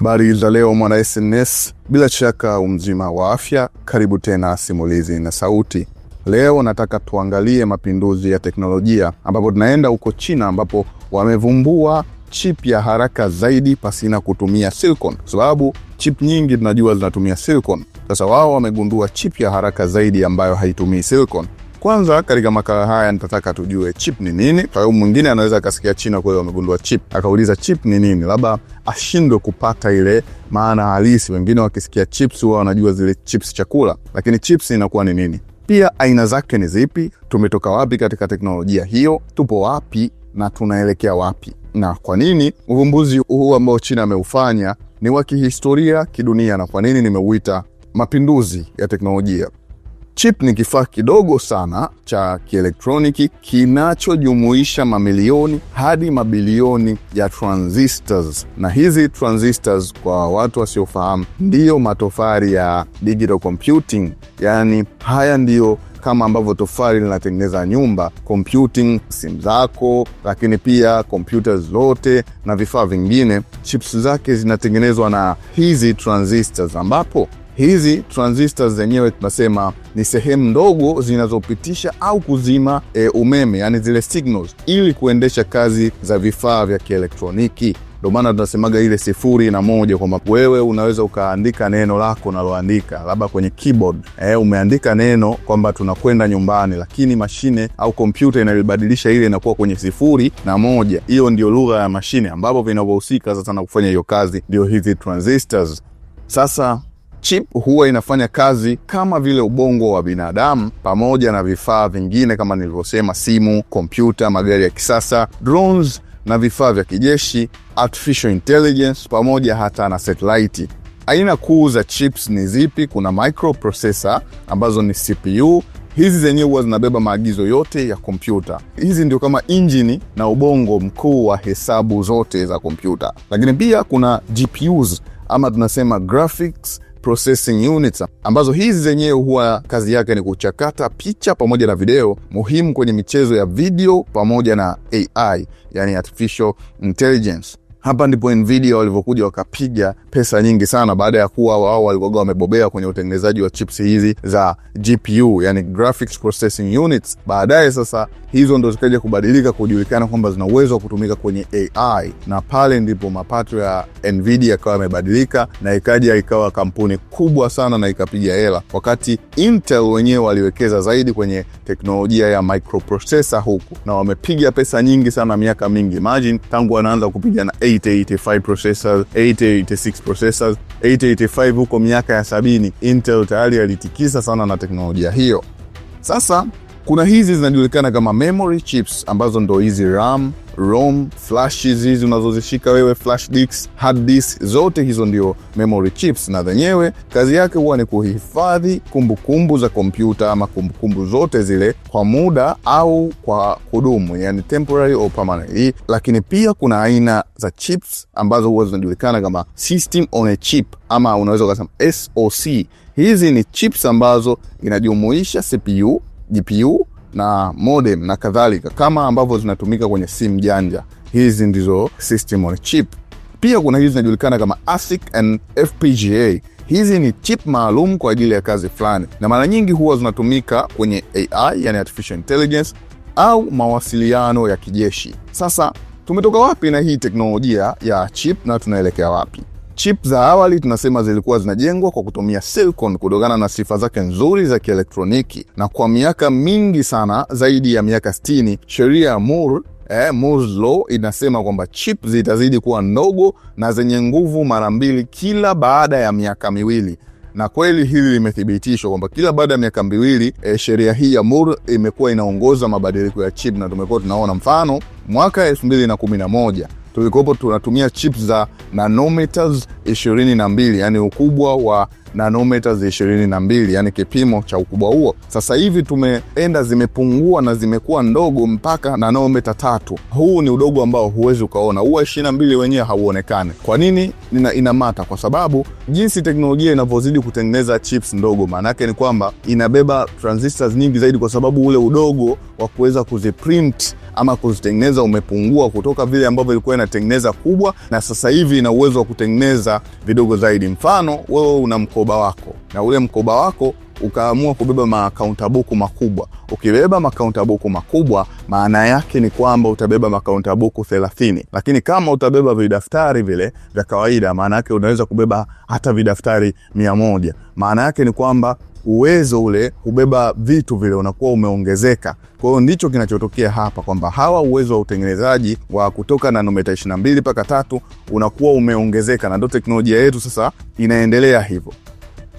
Habari za leo mwana SNS, bila shaka umzima wa afya. Karibu tena Simulizi na Sauti. Leo nataka tuangalie mapinduzi ya teknolojia, ambapo tunaenda huko China, ambapo wamevumbua chip ya haraka zaidi pasina kutumia silicon, kwa sababu chip nyingi tunajua zinatumia silicon. Sasa wao wamegundua chip ya haraka zaidi ambayo haitumii silicon. Kwanza katika makala haya nitataka tujue chip ni nini. Kwa hiyo mwingine anaweza akasikia China hiyo wamegundua chip, akauliza chip ni nini, labda ashindwe kupata ile maana halisi. Wengine wakisikia chips huwa wanajua zile chips chakula, lakini chips inakuwa ni nini? Pia aina zake ni zipi? Tumetoka wapi katika teknolojia hiyo? Tupo wapi na tunaelekea wapi? Na kwa nini uvumbuzi huu ambao China ameufanya ni wa kihistoria kidunia, na kwa nini nimeuita mapinduzi ya teknolojia? Chip ni kifaa kidogo sana cha kielektroniki kinachojumuisha mamilioni hadi mabilioni ya transistors, na hizi transistors, kwa watu wasiofahamu, ndiyo matofali ya digital computing. Yaani haya ndiyo kama ambavyo tofali linatengeneza nyumba, computing simu zako, lakini pia kompyuta zote na vifaa vingine, chips zake zinatengenezwa na hizi transistors, ambapo Hizi transistors zenyewe tunasema ni sehemu ndogo zinazopitisha au kuzima e, umeme, yani zile signals, ili kuendesha kazi za vifaa vya kielektroniki. Ndo maana tunasemaga ile sifuri na moja, kwamba wewe unaweza ukaandika neno lako unaloandika labda kwenye keyboard eh, umeandika neno kwamba tunakwenda nyumbani, lakini mashine au kompyuta inalibadilisha ile inakuwa kwenye sifuri na moja. Hiyo ndio lugha ya mashine, ambapo vinavyohusika sasa na kufanya hiyo kazi ndio hizi transistors. Sasa Chip huwa inafanya kazi kama vile ubongo wa binadamu, pamoja na vifaa vingine kama nilivyosema, simu, kompyuta, magari ya kisasa, drones na vifaa vya kijeshi, artificial intelligence, pamoja hata na satellite. Aina kuu za chips ni zipi? Kuna microprocessor ambazo ni CPU. Hizi zenyewe huwa zinabeba maagizo yote ya kompyuta. Hizi ndio kama injini na ubongo mkuu wa hesabu zote za kompyuta, lakini pia kuna GPUs ama tunasema graphics processing units ambazo hizi zenyewe huwa kazi yake ni kuchakata picha pamoja na video muhimu kwenye michezo ya video pamoja na AI, yani artificial intelligence. Hapa ndipo Nvidia walivyokuja wakapiga pesa nyingi sana, baada ya kuwa wao walikuwa wamebobea kwenye utengenezaji wa chips hizi za GPU, yani graphics processing units. Baadaye sasa hizo ndo zikaja kubadilika kujulikana kwamba zina uwezo wa kutumika kwenye AI, na pale ndipo mapato ya Nvidia yakawa yamebadilika na ikaja ikawa kampuni kubwa sana na ikapiga hela, wakati Intel wenyewe waliwekeza zaidi kwenye teknolojia ya microprocessor huku na wamepiga pesa nyingi sana miaka mingi. Imagine tangu wanaanza kupiga na 8085 processors, 8086 processors, 8085 huko miaka ya sabini Intel tayari alitikisa sana na teknolojia hiyo. Sasa kuna hizi zinajulikana kama memory chips ambazo ndo hizi RAM, ROM, flash hizi unazozishika wewe, flash disks, hard disk, zote hizo ndio memory chips, na zenyewe kazi yake huwa ni kuhifadhi kumbukumbu za kompyuta ama kumbukumbu zote zile kwa muda au kwa kudumu, yani temporary or permanent. Lakini pia kuna aina za chips ambazo huwa zinajulikana kama system on a chip ama unaweza ukasema SoC. Hizi ni chips ambazo inajumuisha CPU GPU na modem na kadhalika, kama ambavyo zinatumika kwenye simu janja. Hizi ndizo system on chip. Pia kuna hizi zinajulikana kama ASIC and FPGA. Hizi ni chip maalum kwa ajili ya kazi fulani, na mara nyingi huwa zinatumika kwenye AI, yani artificial intelligence, au mawasiliano ya kijeshi. Sasa tumetoka wapi na hii teknolojia ya chip na tunaelekea wapi? Chip za awali tunasema zilikuwa zinajengwa kwa kutumia silicon kutokana na sifa zake nzuri za kielektroniki, na kwa miaka mingi sana, zaidi ya miaka 60, sheria ya Moore Eh, Moore's law inasema kwamba chip zitazidi kuwa ndogo na zenye nguvu mara mbili kila baada ya miaka miwili, na kweli hili limethibitishwa kwamba kila baada ya miaka miwili eh, sheria hii ya Moore imekuwa inaongoza mabadiliko ya chip, na tumekuwa tunaona mfano mwaka 2011 tulikopo tunatumia chips za nanometers ishirini na mbili, yani ukubwa wa nanometa mbili yani kipimo cha ukubwa huo. Sasa hivi tumeenda zimepungua na zimekuwa ndogo mpaka nanometa tatu. Huu ni udogo ambao huwezi ukaona, huwa na mbili wenyewe hauonekani. Kwa nini inamata? Kwa sababu jinsi teknolojia inavyozidi kutengeneza chips ndogo, maanake ni kwamba inabeba transistors nyingi zaidi, kwa sababu ule udogo wa kuweza kuziprint ama kuzitengeneza umepungua kutoka vile ambavyo ilikuwa inatengeneza kubwa, na sasa hivi ina uwezo wa kutengeneza vidogo zaidi. Mfano wewe una mko mkoba wako na ule mkoba wako ukaamua kubeba makaunta buku makubwa. Ukibeba makaunta buku makubwa, maana yake ni kwamba utabeba makaunta buku 30, lakini kama utabeba vidaftari vile vya kawaida, maana yake unaweza kubeba hata vidaftari mia moja. Maana yake ni kwamba uwezo ule kubeba vitu vile unakuwa umeongezeka. Kwa hiyo ndicho kinachotokea hapa kwamba hawa uwezo wa utengenezaji wa kutoka nanometa 22 mpaka tatu unakuwa umeongezeka, na ndo teknolojia yetu sasa inaendelea hivyo.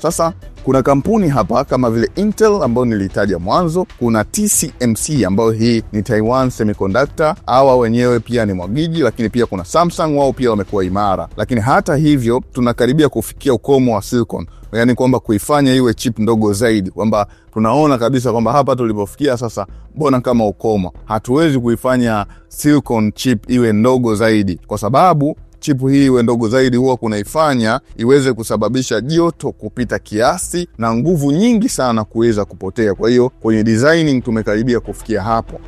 Sasa kuna kampuni hapa kama vile Intel ambayo nilitaja mwanzo, kuna TSMC ambayo hii ni Taiwan Semiconductor, hawa wenyewe pia ni mwagiji, lakini pia kuna Samsung, wao pia wamekuwa imara. Lakini hata hivyo tunakaribia kufikia ukomo wa silicon, yaani kwamba kuifanya iwe chip ndogo zaidi, kwamba tunaona kabisa kwamba hapa tulipofikia sasa, mbona kama ukomo, hatuwezi kuifanya silicon chip iwe ndogo zaidi kwa sababu chipu hii iwe ndogo zaidi, huwa kunaifanya iweze kusababisha joto kupita kiasi na nguvu nyingi sana kuweza kupotea. Kwa hiyo kwenye designing tumekaribia kufikia hapo.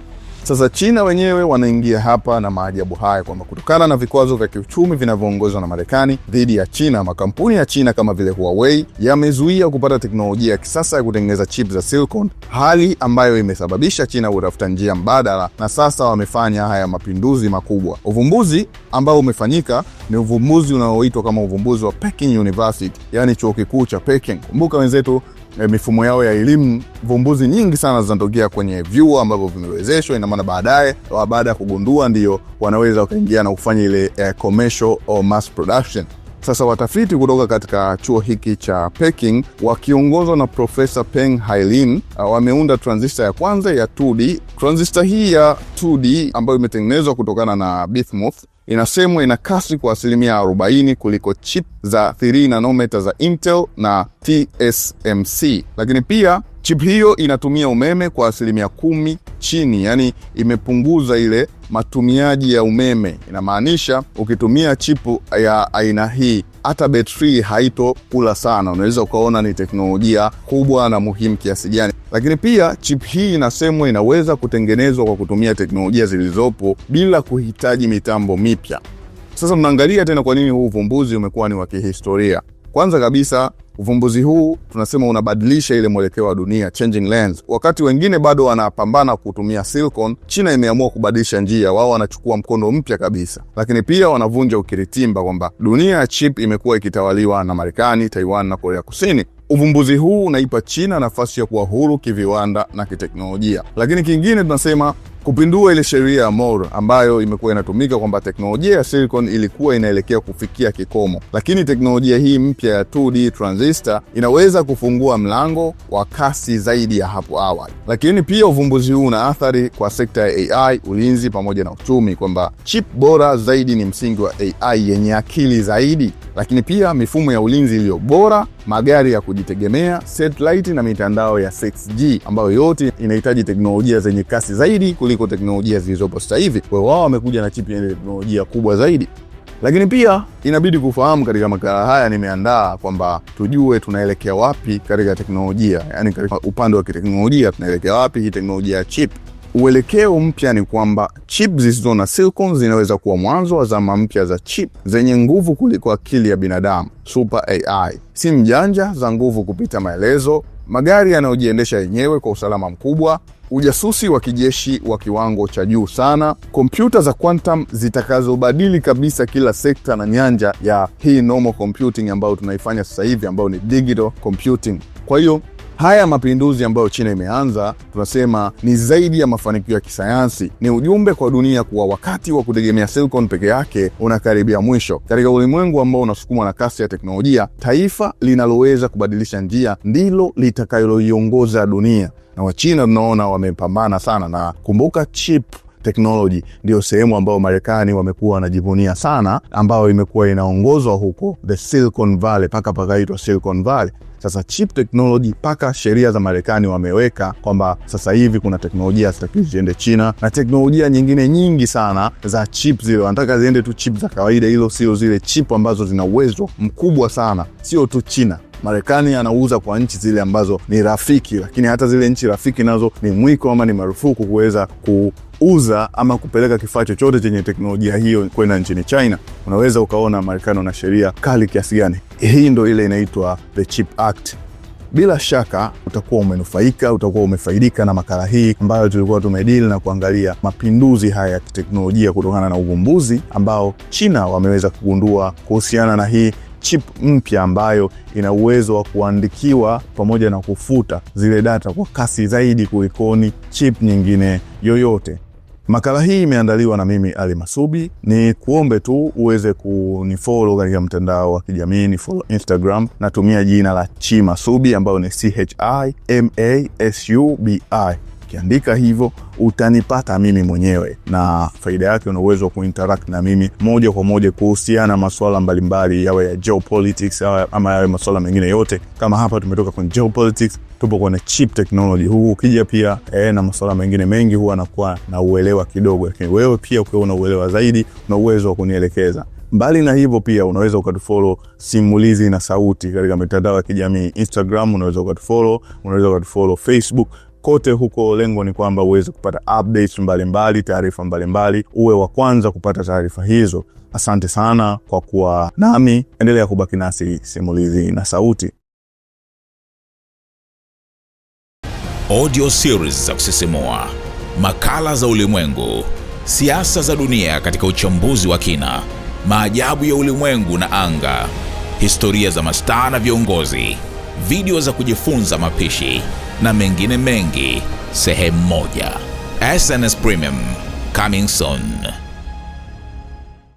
Sasa China wenyewe wanaingia hapa na maajabu haya kwamba kutokana na vikwazo vya kiuchumi vinavyoongozwa na Marekani dhidi ya China, makampuni ya China kama vile Huawei yamezuia kupata teknolojia ya kisasa ya kutengeneza chip za silicon, hali ambayo imesababisha China kutafuta njia mbadala, na sasa wamefanya haya mapinduzi makubwa. Uvumbuzi ambao umefanyika ni uvumbuzi unaoitwa kama uvumbuzi wa Peking University, yani chuo kikuu cha Peking. Kumbuka wenzetu e, mifumo yao ya elimu, vumbuzi nyingi sana zinatokea kwenye vyuo ambavyo vimewezeshwa. Ina maana baadaye, baada ya kugundua, ndio wanaweza wakaingia na kufanya ile e, commercial or mass production. Sasa watafiti kutoka katika chuo hiki cha Peking wakiongozwa na Profesa Peng Hailin ah, wameunda transistor ya kwanza ya 2D. Transistor hii ya 2D ambayo imetengenezwa kutokana na bismuth inasemwa ina kasi kwa asilimia 40 kuliko chip za 3 nanometa za Intel na TSMC, lakini pia chip hiyo inatumia umeme kwa asilimia kumi chini, yani imepunguza ile matumiaji ya umeme. Inamaanisha ukitumia chipu ya aina hii hata betri haitokula sana. Unaweza ukaona ni teknolojia kubwa na muhimu kiasi gani. Lakini pia chip hii inasemwa inaweza kutengenezwa kwa kutumia teknolojia zilizopo bila kuhitaji mitambo mipya. Sasa tunaangalia tena kwa nini huu uvumbuzi umekuwa ni wa kihistoria. Kwanza kabisa Uvumbuzi huu tunasema unabadilisha ile mwelekeo wa dunia, changing lens. Wakati wengine bado wanapambana kutumia silicon, China imeamua kubadilisha njia, wao wanachukua mkondo mpya kabisa. Lakini pia wanavunja ukiritimba kwamba dunia ya chip imekuwa ikitawaliwa na Marekani, Taiwan na Korea Kusini. Uvumbuzi huu unaipa China nafasi ya kuwa huru kiviwanda na kiteknolojia. Lakini kingine tunasema kupindua ile sheria ya Moore ambayo imekuwa inatumika kwamba teknolojia ya silicon ilikuwa inaelekea kufikia kikomo, lakini teknolojia hii mpya ya 2D transistor inaweza kufungua mlango wa kasi zaidi ya hapo awali. Lakini pia uvumbuzi huu una athari kwa sekta ya AI, ulinzi pamoja na uchumi, kwamba chip bora zaidi ni msingi wa AI yenye akili zaidi, lakini pia mifumo ya ulinzi iliyo bora, magari ya kujitegemea, satellite na mitandao ya 6G ambayo yote inahitaji teknolojia zenye kasi zaidi kuliko teknolojia zilizopo sasa hivi. Kwa hiyo wao wamekuja na chipi yenye teknolojia kubwa zaidi, lakini pia inabidi kufahamu katika makala haya nimeandaa kwamba tujue tunaelekea wapi katika teknolojia, yani katika upande wa kiteknolojia tunaelekea wapi hii teknolojia ya chip. Uelekeo mpya ni kwamba chip zisizo na silicon zinaweza kuwa mwanzo wa zama mpya za chip zenye nguvu kuliko akili ya binadamu, super AI, simu janja za nguvu kupita maelezo magari yanayojiendesha yenyewe kwa usalama mkubwa, ujasusi wa kijeshi wa kiwango cha juu sana, kompyuta za quantum zitakazobadili kabisa kila sekta na nyanja ya hii normal computing ambayo tunaifanya sasa hivi ambayo ni digital computing. Kwa hiyo Haya mapinduzi ambayo China imeanza tunasema ni zaidi ya mafanikio ya kisayansi, ni ujumbe kwa dunia kuwa wakati wa kutegemea silicon peke yake unakaribia mwisho. Katika ulimwengu ambao unasukumwa na kasi ya teknolojia, taifa linaloweza kubadilisha njia ndilo litakaloiongoza dunia, na Wachina tunaona wamepambana sana, na kumbuka chip technology ndio sehemu ambayo Marekani wamekuwa wanajivunia sana, ambayo imekuwa inaongozwa huko the Silicon Valley, paka pakaitwa Silicon Valley. Sasa chip technology mpaka sheria za Marekani wameweka kwamba sasa hivi kuna teknolojia hazitakiwi ziende China na teknolojia nyingine nyingi sana za chip, zile wanataka ziende tu chip za kawaida, hilo sio zile chip ambazo zina uwezo mkubwa sana, sio tu China. Marekani anauza kwa nchi zile ambazo ni rafiki, lakini hata zile nchi rafiki nazo ni mwiko ama ni marufuku kuweza ku uza ama kupeleka kifaa chochote chenye teknolojia hiyo kwenda nchini China. Unaweza ukaona Marekani wana sheria kali kiasi gani. Hii ndo ile inaitwa The Chip Act. Bila shaka utakuwa umenufaika, utakuwa umefaidika na makala hii ambayo tulikuwa tumedili na kuangalia mapinduzi haya ya kiteknolojia kutokana na uvumbuzi ambao China wameweza kugundua kuhusiana na hii chip mpya ambayo ina uwezo wa kuandikiwa pamoja na kufuta zile data kwa kasi zaidi kulikoni chip nyingine yoyote. Makala hii imeandaliwa na mimi Ali Masubi. Ni kuombe tu uweze kunifollow katika mtandao wa kijamii, ni follow Instagram, natumia jina la masubi ambayo ni C H I M A S U B I. Ukiandika hivyo utanipata mimi mwenyewe, na faida yake una uwezo wa kuinteract na mimi moja kwa moja kuhusiana na masuala mbalimbali, yawe ya geopolitics ama yawe masuala mengine yote. Kama hapa tumetoka kwenye geopolitics, tupo kwenye chip technology. Huu ukija pia e, na masuala mengine mengi, huwa anakuwa na uelewa kidogo, lakini wewe pia ukiwa una uelewa zaidi, una uwezo wa kunielekeza Mbali na hivyo pia unaweza ukatufolo Simulizi na Sauti katika mitandao ya kijamii Instagram, unaweza ukatufolo, unaweza ukatufolo Facebook kote huko, lengo ni kwamba uweze kupata updates mbalimbali, taarifa mbalimbali, uwe wa kwanza kupata taarifa hizo. Asante sana kwa kuwa nami, endelea kubaki nasi Simulizi na Sauti. Audio series za kusisimua, makala za ulimwengu, siasa za dunia katika uchambuzi wa kina, maajabu ya ulimwengu na anga, historia za mastaa na viongozi, video za kujifunza mapishi na mengine mengi sehemu moja. SNS Premium coming soon.